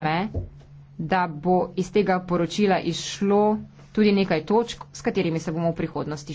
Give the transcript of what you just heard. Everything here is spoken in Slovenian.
me, da bo iz tega poročila izšlo tudi nekaj točk, s katerimi se bomo v prihodnosti